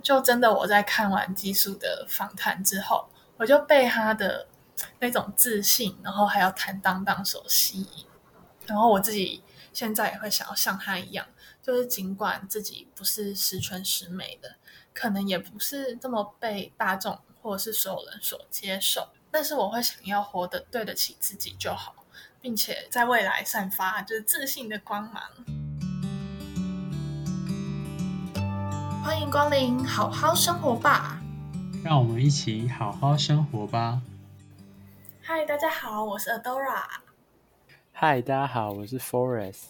就真的我在看完 Jisoo 的訪談之後，我就被他的那種自信，然後還有坦蕩蕩所吸引。然後我自己現在也會想要像他一樣，就是儘管自己不是十全十美的，可能也不是這麼被大眾或者是所有人所接受，但是我會想要活得對得起自己就好，並且在未來散發就是自信的光芒。歡迎光臨，好好生活吧。讓我們一起好好生活吧。嗨，大家好，我是 Adora。嗨，大家好，我是 Forest。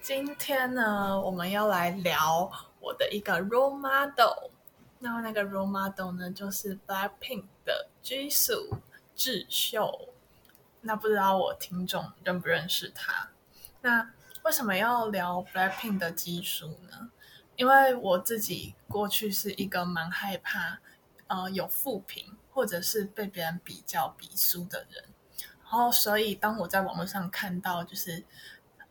今天呢，我們要來聊我的一個 role model。那那個 role model 呢，就是 BLACKPINK 的 Jisoo 智秀。那不知道我聽眾認不認識他？那為什麼要聊 BLACKPINK 的 Jisoo 呢？因為我自己過去是一個蠻害怕，呃，有負評或者是被別人比較比輸的人，然後所以當我在網絡上看到，就是，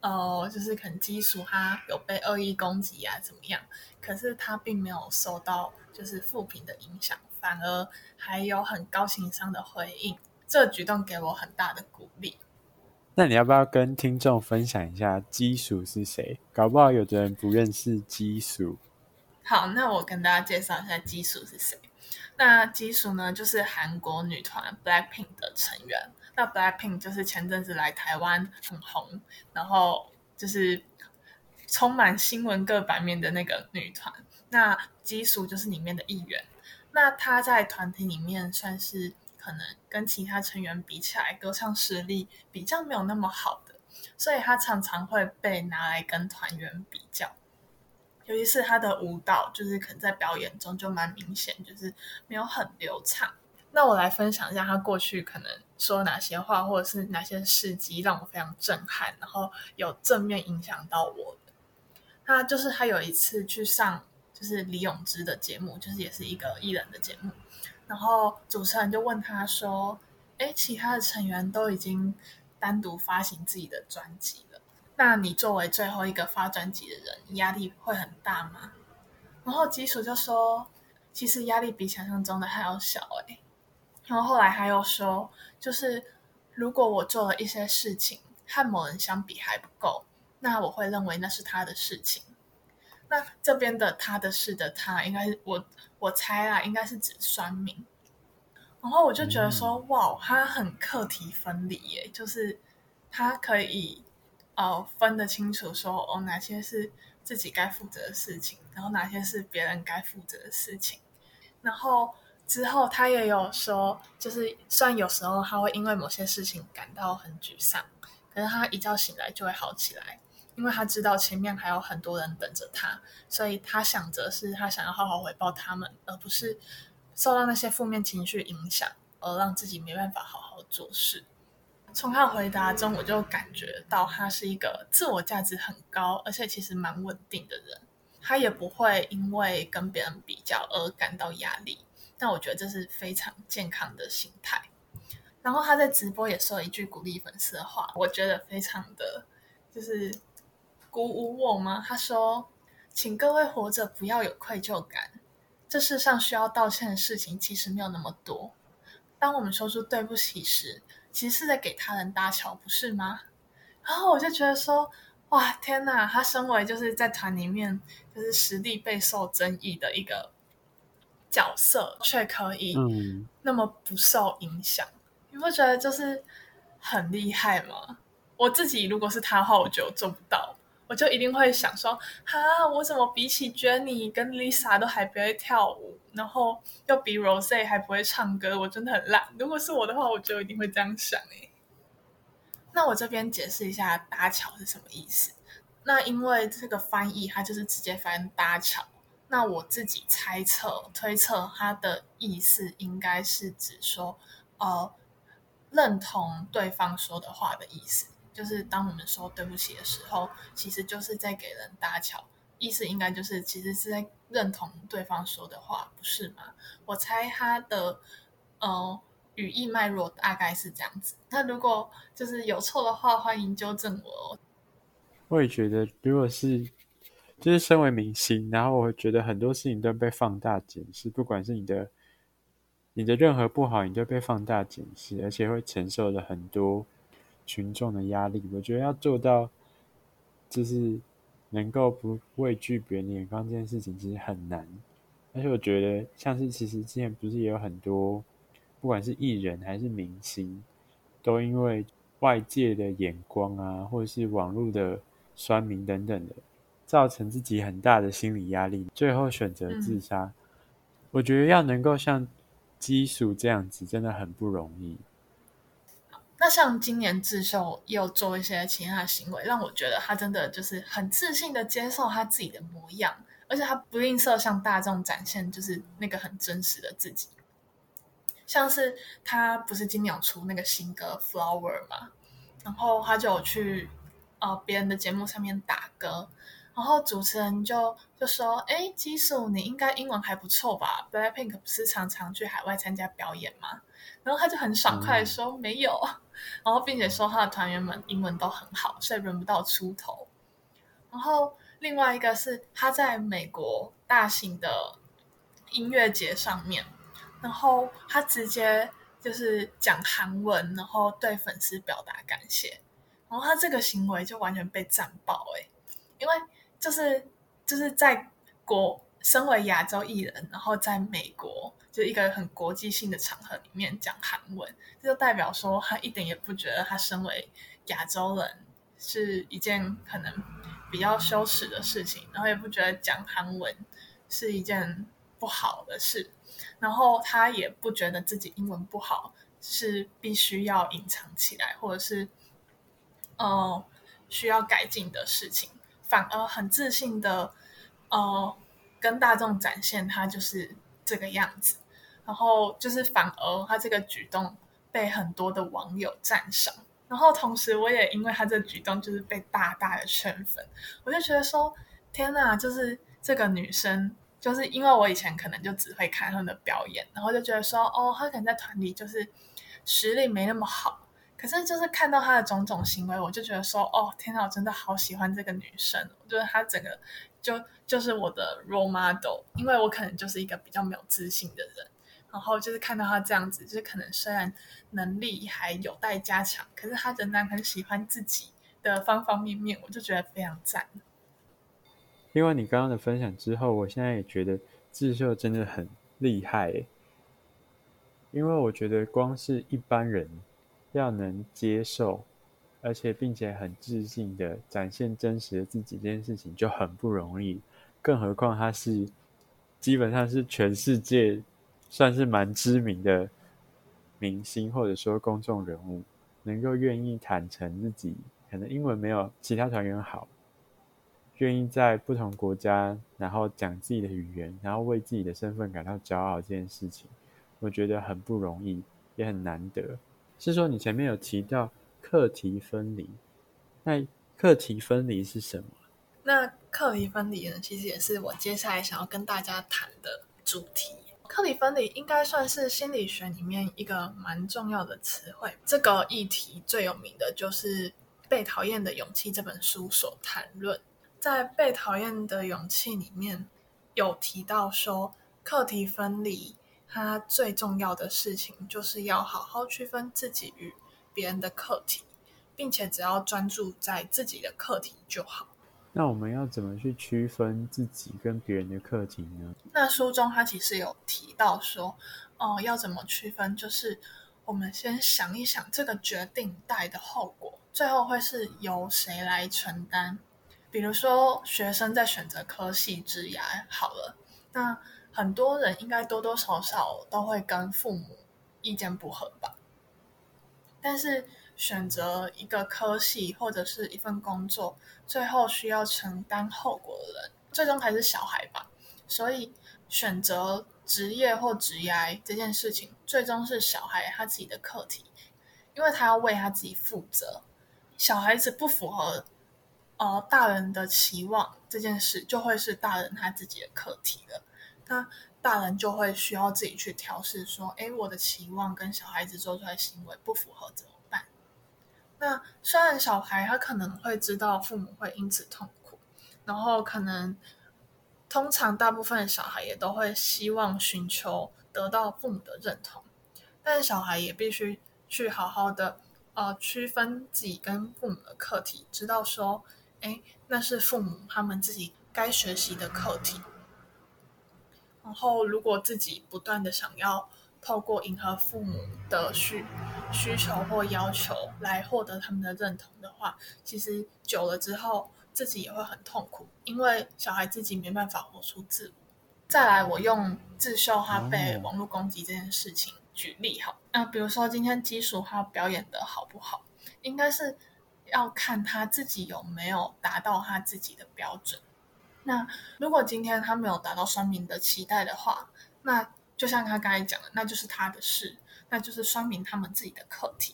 呃就是肯基叔他有被惡意攻擊啊，怎麼樣？可是他並沒有受到就是負評的影響，反而還有很高情商的回應，這個舉動給我很大的鼓勵。那你要不要跟聽眾分享一下 Jisoo 是誰？搞不好有的人不認識 Jisoo。好，那我跟大家介紹一下 Jisoo 是誰。那 Jisoo 呢，就是韓國女團 BlackPink 的成員。那 BlackPink 就是前陣子來台灣很紅，然後就是充滿新聞各版面的那個女團。那 Jisoo 就是裡面的一員。那她在團體裡面算是。可能跟其他成員比起來，歌唱實力比較沒有那麼好的，所以他常常會被拿來跟團員比較。尤其是他的舞蹈，就是可能在表演中就蠻明顯，就是沒有很流暢。那我來分享一下他過去可能說哪些話，或者是哪些事蹟讓我非常震撼，然後有正面影響到我的。他就是他有一次去上，就是李永芝的節目，就是也是一個藝人的節目。然後主持人就問他說：“哎，其他的成員都已經單獨發行自己的專輯了，那你作為最後一個發專輯的人，壓力會很大嗎？”然後 Jisoo 就說：“其實壓力比想象中的還要小。”誒。然後後來他又說：“就是如果我做了一些事情和某人相比還不夠，那我會認為那是他的事情。”那這邊的他的事的他，應該是我我猜啊，應該是指酸民，然後我就覺得說，嗯、哇，他很課題分離耶，就是他可以呃分得清楚說哦哪些是自己該負責的事情，然後哪些是別人該負責的事情。然後之後他也有說，就是雖然有時候他會因為某些事情感到很沮喪，可是他一覺醒來就會好起來。因為他知道前面還有很多人等着他，所以他想着是他想要好好回報他們，而不是受到那些負面情緒影響而讓自己沒辦法好好做事。從他回答中，我就感覺到他是一個自我價值很高，而且其實蠻穩定的人。他也不會因為跟別人比較而感到壓力。但我覺得這是非常健康的心態。然後他在直播也說了一句鼓勵粉絲的話，我覺得非常的就是。鼓舞我嗎？他說：“請各位活着不要有愧疚感。這世上需要道歉的事情其實沒有那麼多。當我們說出對不起時，其實是在給他人搭橋，不是嗎？”然後我就覺得說：“哇，天哪！他身為就是在團裡面就是實力備受爭議的一個角色，卻可以那麼不受影響，嗯、你不覺得就是很厲害嗎？”我自己如果是他的話，我就做不到。我就一定會想說，哈，我怎麼比起 Jenny 跟 Lisa 都還不會跳舞，然後又比 Rose 還不會唱歌，我真的很爛。如果是我的話，我就一定會這樣想哎。那我這邊解釋一下“搭橋”是什麼意思。那因為這個翻譯，它就是直接翻“搭橋”。那我自己猜測、推測它的意思，應該是指說，呃，認同對方說的話的意思。就是當我們說對不起的時候，其實就是在給人搭橋，意思應該就是其實是在認同對方說的話，不是嗎？我猜他的呃語意脈絡大概是這樣子。那如果就是有錯的話，歡迎糾正我哦。我也覺得，如果是就是身為明星，然後我覺得很多事情都被放大檢視，不管是你的你的任何不好，你都被放大檢視，而且會承受了很多。群眾的壓力，我覺得要做到，就是能夠不畏懼別人的眼光這件事情，其實很難。而且我覺得，像是其實之前不是也有很多，不管是藝人還是明星，都因為外界的眼光啊，或者是網絡的酸民等等的，造成自己很大的心理壓力，最後選擇自殺。嗯、我覺得要能夠像 Jisoo 這樣子，真的很不容易。那像今年智秀又做一些其他的行為，讓我覺得他真的就是很自信的接受他自己的模樣，而且他不吝嗇向大眾展現就是那個很真實的自己。像是他不是今年有出那個新歌《Flower》嘛，然後他就有去呃別人的節目上面打歌，然後主持人就就說：“誒、欸，Jisoo 你應該英文還不錯吧？BLACKPINK 不是常常去海外參加表演嗎？”然後他就很爽快的說：“嗯、沒有。”然後，並且說他的團員們英文都很好，所以輪不到出頭。然後，另外一個是他在美國大型的音樂節上面，然後他直接就是講韓文，然後對粉絲表達感謝。然後他這個行為就完全被讚爆誒、欸，因為就是就是在國。身為亞洲藝人，然後在美國就一個很國際性的場合裡面講韓文，這就代表說他一點也不覺得他身為亞洲人是一件可能比較羞恥的事情，然後也不覺得講韓文是一件不好的事，然後他也不覺得自己英文不好是必須要隱藏起來，或者是嗯、呃、需要改進的事情，反而很自信的呃。跟大眾展現他就是這個樣子，然後就是反而他這個舉動被很多的網友讚賞，然後同時我也因為他這個舉動就是被大大的圈粉，我就覺得說天哪，就是這個女生，就是因為我以前可能就只會看她們的表演，然後就覺得說哦，她可能在團裡就是實力沒那麼好，可是就是看到她的種種行為，我就覺得說哦，天哪，我真的好喜歡這個女生，我覺得她整個。就就是我的 role model，因為我可能就是一個比較沒有自信的人，然後就是看到他這樣子，就是可能雖然能力還有待加強，可是他仍然很喜歡自己的方方面面，我就覺得非常讚。因為你剛剛的分享之後，我現在也覺得智秀真的很厲害，因為我覺得光是一般人要能接受。而且，並且很自信的展現真實的自己，這件事情就很不容易。更何況他是基本上是全世界算是蠻知名的明星，或者說公眾人物，能夠願意坦誠自己，可能英文沒有其他團員好，願意在不同國家然後講自己的語言，然後為自己的身份感到驕傲，這件事情，我覺得很不容易，也很難得。是說，你前面有提到。課題分離，那課題分離是什麼？那課題分離呢？其實也是我接下來想要跟大家談的主題。課題分離應該算是心理學裡面一個蠻重要的詞彙。這個議題最有名的就是《被討厭的勇氣》這本書所談論。在《被討厭的勇氣》裡面有提到說，課題分離它最重要的事情就是要好好區分自己與別人的課題，並且只要專注在自己的課題就好。那我們要怎麼去區分自己跟別人的課題呢？那書中他其實有提到說，哦、呃，要怎麼區分？就是我們先想一想這個決定帶的後果，最後會是由誰來承擔？比如說學生在選擇科系之涯，好了，那很多人應該多多少少都會跟父母意見不合吧。但是選擇一個科系或者是一份工作，最後需要承擔後果的人，最終還是小孩吧。所以選擇職業或職業這件事情，最終是小孩他自己的課題，因為他要為他自己負責。小孩子不符合呃大人的期望這件事，就會是大人他自己的課題了。那大人就會需要自己去調試，說：“欸，我的期望跟小孩子做出來行為不符合，怎麼辦？”那雖然小孩他可能會知道父母會因此痛苦，然後可能通常大部分的小孩也都會希望尋求得到父母的認同，但是小孩也必須去好好的呃區分自己跟父母的課題，知道說：“欸，那是父母他們自己該學習的課題。”然後，如果自己不斷的想要透過迎合父母的需需求或要求來獲得他們的認同的話，其實久了之後自己也會很痛苦，因為小孩自己沒辦法活出自我。再來，我用智秀他被網絡攻擊這件事情舉例哈，嗯、那比如說今天智秀他表演的好不好，應該是要看他自己有沒有達到他自己的標準。那如果今天他沒有達到酸民的期待的話，那就像他剛才講的，那就是他的事，那就是酸民他們自己的課題。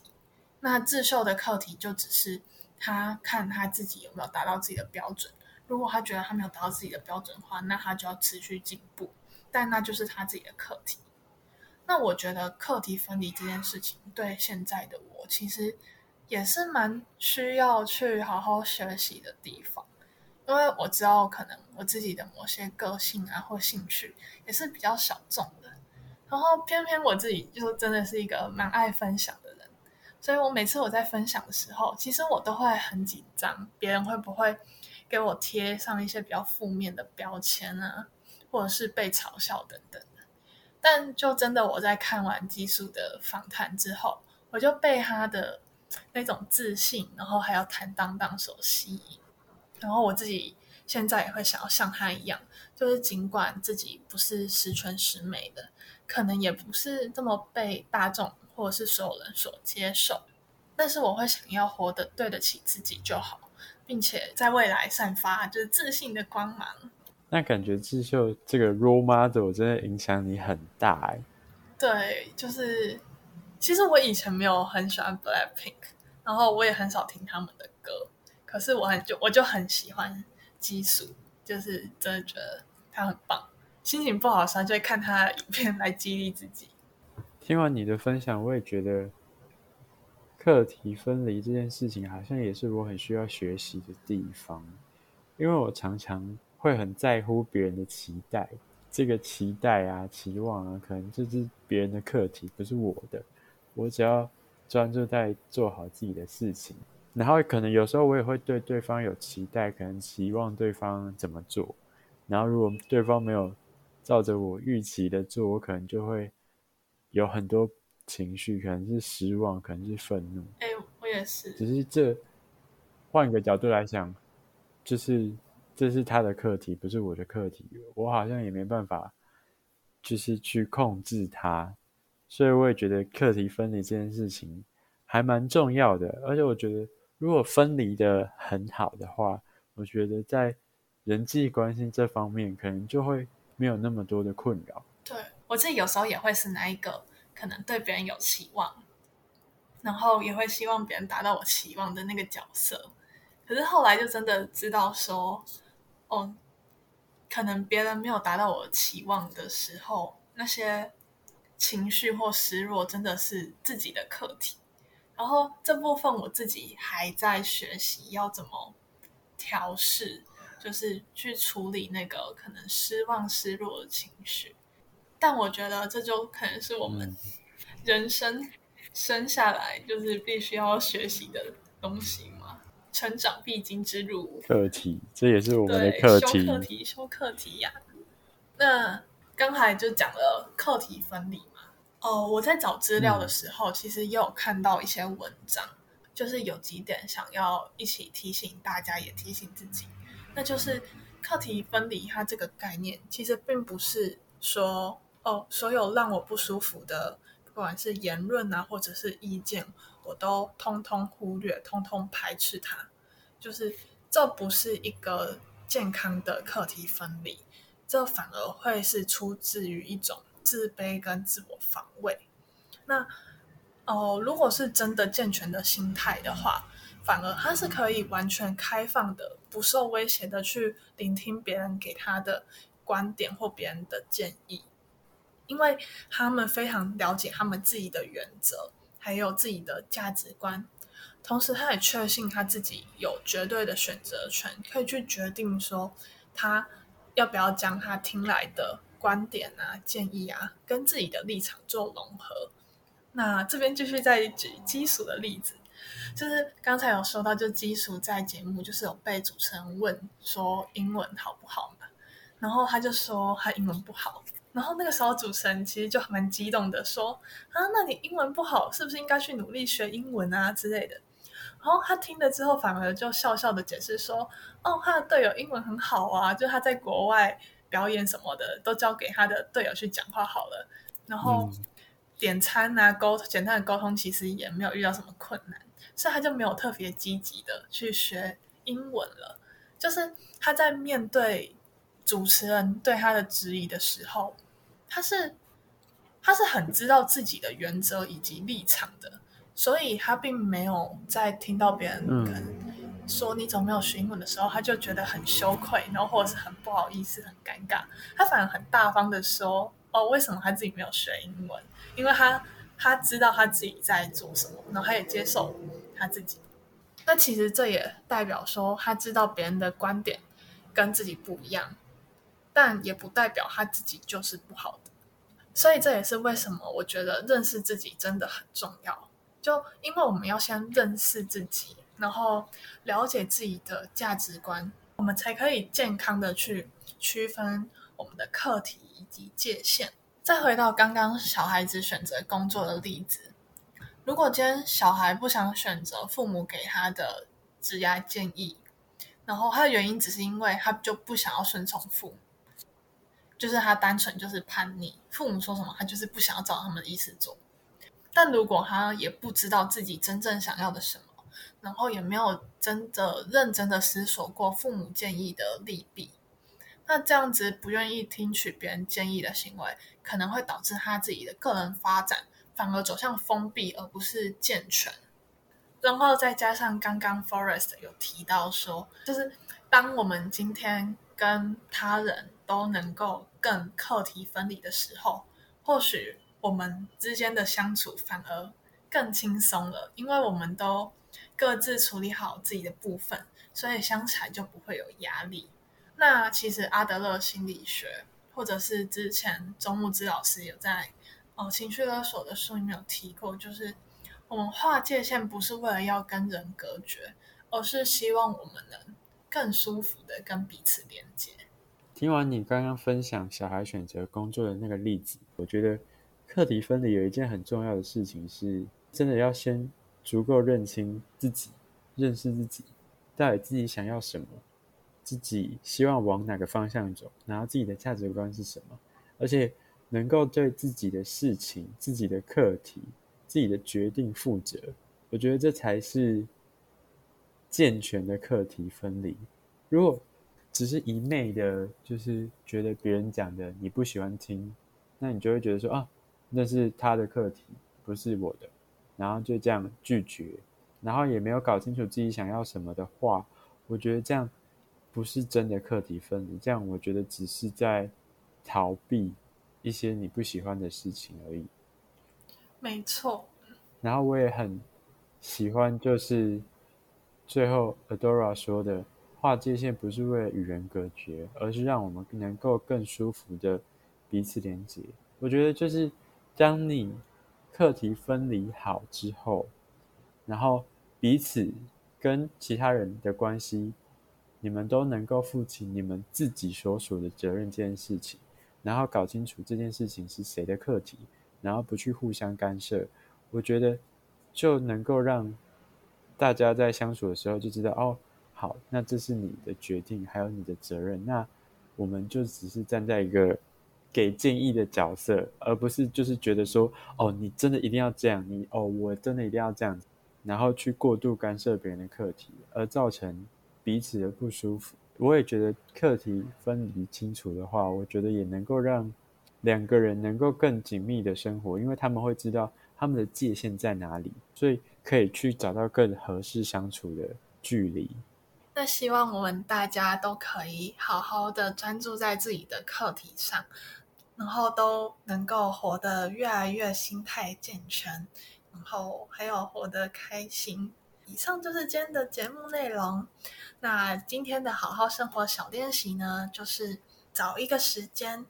那智秀的課題就只是他看他自己有沒有達到自己的標準。如果他覺得他沒有達到自己的標準的話，那他就要持續進步。但那就是他自己的課題。那我覺得課題分離這件事情，對現在的我其實也是蠻需要去好好學習的地方。因為我知道，可能我自己的某些個性啊，或興趣也是比較小眾的，然後偏偏我自己就真的是一個蠻愛分享的人，所以我每次我在分享的時候，其實我都會很緊張，別人會不會給我貼上一些比較負面的標籤啊，或者是被嘲笑等等。但就真的我在看完 Jisoo 的訪談之後，我就被他的那種自信，然後還有坦蕩蕩所吸引。然後我自己現在也會想要像他一樣，就是儘管自己不是十全十美的，可能也不是這麼被大眾或者是所有人所接受，但是我會想要活得對得起自己就好，並且在未來散發就是自信的光芒。那感覺智秀這個 role model 真的影響你很大哎、欸。對，就是其實我以前沒有很喜歡 BlackPink，然後我也很少聽他們的歌。可是我很就我就很喜歡 Jisoo，就是真的覺得他很棒。心情不好時，就會看他影片，來激勵自己。聽完你的分享，我也覺得課題分離這件事情好像也是我很需要學習的地方，因為我常常會很在乎別人的期待，這個期待啊、期望啊，可能就是別人的課題，不是我的。我只要專注在做好自己的事情。然後可能有時候我也會對對方有期待，可能期望對方怎麼做。然後如果對方沒有照着我預期的做，我可能就會有很多情緒，可能是失望，可能是憤怒。欸，我也是。只是這換一個角度來講，就是這是他的課題，不是我的課題。我好像也沒辦法就是去控制他，所以我也覺得課題分離這件事情還蠻重要的。而且我覺得。如果分離的很好的話，我覺得在人際關係這方面，可能就會沒有那麼多的困擾。對，我自己有時候也會是那一個，可能對別人有期望，然後也會希望別人達到我期望的那個角色。可是後來就真的知道說，哦，可能別人沒有達到我期望的時候，那些情緒或失落，真的是自己的課題。然後這部分我自己還在學習要怎麼調試，就是去處理那個可能失望、失落的情緒。但我覺得這就可能是我們人生生下來就是必須要學習的東西嘛，成長必經之路。課題，這也是我們的課題。對，修課題，修課題呀。那剛才就講了課題分離。哦，我在找資料的時候，嗯、其實也有看到一些文章，就是有幾點想要一起提醒大家，也提醒自己，那就是課題分離它這個概念，其實並不是說哦，所有讓我不舒服的，不管是言論啊，或者是意見，我都通通忽略，通通排斥它，就是這不是一個健康的課題分離，這反而會是出自於一種。自卑跟自我防衛，那哦、呃，如果是真的健全的心態的話，反而他是可以完全開放的，不受威脅的去聆聽別人給他的觀點或別人的建議，因為他們非常了解他們自己的原則，還有自己的價值觀，同時他也確信他自己有絕對的選擇權，可以去決定說他要不要將他聽來的。觀點啊，建議啊，跟自己的立場做融合。那這邊繼續再舉 Jisoo 的例子，就是剛才有說到，就 Jisoo 在節目就是有被主持人問說英文好不好嘛，然後他就說他英文不好，然後那個時候主持人其實就很激動的說啊，那你英文不好，是不是應該去努力學英文啊之類的？然後他聽了之後，反而就笑笑的解釋說，哦，他的隊友英文很好啊，就他在國外。表演什麼的都交給他的隊友去講話好了，然後點餐啊溝、嗯、簡單的溝通其實也沒有遇到什麼困難，所以他就沒有特別積極的去學英文了。就是他在面對主持人對他的質疑的時候，他是他是很知道自己的原則以及立場的，所以他並沒有在聽到別人跟、嗯。說你怎麼沒有學英文的時候，他就覺得很羞愧，然後或者是很不好意思、很尷尬。他反而很大方的說：“哦，為什麼他自己沒有學英文？因為他他知道他自己在做什麼，然後他也接受他自己。嗯、那其實這也代表說，他知道別人的觀點跟自己不一樣，但也不代表他自己就是不好的。所以這也是為什麼我覺得認識自己真的很重要，就因為我們要先認識自己。”然後了解自己的價值觀，我們才可以健康的去區分我們的課題以及界限。再回到剛剛小孩子選擇工作的例子，如果今天小孩不想選擇父母給他的職業建議，然後他的原因只是因為他就不想要順從父母，就是他單純就是叛逆，父母說什麼他就是不想要照他們的意思做。但如果他也不知道自己真正想要的什麼。然後也沒有真的認真的思索過父母建議的利弊，那這樣子不願意聽取別人建議的行為，可能會導致他自己的個人發展反而走向封閉，而不是健全。然後再加上剛剛 Forest 有提到說，就是當我們今天跟他人都能夠更課題分離的時候，或許我們之間的相處反而更輕鬆了，因為我們都。各自處理好自己的部分，所以相處就不會有壓力。那其實阿德勒心理學，或者是之前周慕姿老師有在哦，《情緒勒索》的書裡面有提過，就是我們劃界線不是為了要跟人隔絕，而是希望我們能更舒服的跟彼此連接。聽完你剛剛分享小孩選擇工作的那個例子，我覺得課題分離有一件很重要的事情是，真的要先。足夠認清自己，認識自己，到底自己想要什麼，自己希望往哪個方向走，然後自己的價值觀是什麼，而且能夠對自己的事情、自己的課題、自己的決定負責，我覺得這才是健全的課題分離。如果只是一昧的，就是覺得別人講的你不喜歡聽，那你就會覺得說啊，那是他的課題，不是我的。然後就這樣拒絕，然後也沒有搞清楚自己想要什麼的話，我覺得這樣不是真的課題分離，這樣我覺得只是在逃避一些你不喜歡的事情而已。沒錯錯。然後我也很喜歡，就是最後 Adora 說的，劃界線不是為了與人隔絕，而是讓我們能夠更舒服的彼此連接。我覺得就是當你。課題分離好之後，然後彼此跟其他人的關係，你們都能夠負起你們自己所屬的責任這件事情，然後搞清楚這件事情是誰的課題，然後不去互相干涉，我覺得就能夠讓大家在相處的時候就知道哦，好，那這是你的決定，還有你的責任，那我們就只是站在一個。給建議的角色，而不是就是覺得說，哦，你真的一定要這樣，你哦，我真的一定要這樣，然後去過度干涉別人的課題，而造成彼此的不舒服。我也覺得課題分離清楚的話，我覺得也能夠讓兩個人能夠更緊密的生活，因為他們會知道他們的界限在哪裡，所以可以去找到更合適相處的距離。那希望我們大家都可以好好的專注在自己的課題上。然後都能夠活得越來越心態健全，然後還有活得開心。以上就是今天的節目內容。那今天的好好生活小練習呢，就是找一個時間，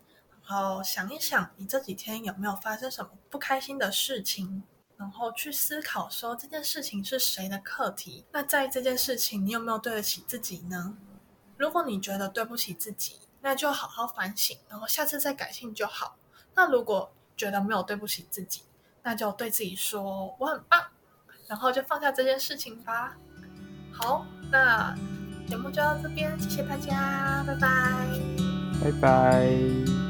然後想一想你這幾天有沒有發生什麼不開心的事情，然後去思考說這件事情是誰的課題。那在這件事情，你有沒有對得起自己呢？如果你覺得對不起自己，那就好好反省，然後下次再改進就好。那如果覺得沒有對不起自己，那就對自己說我很棒，然後就放下這件事情吧。好，那節目就到這邊，謝謝大家，拜拜，拜拜。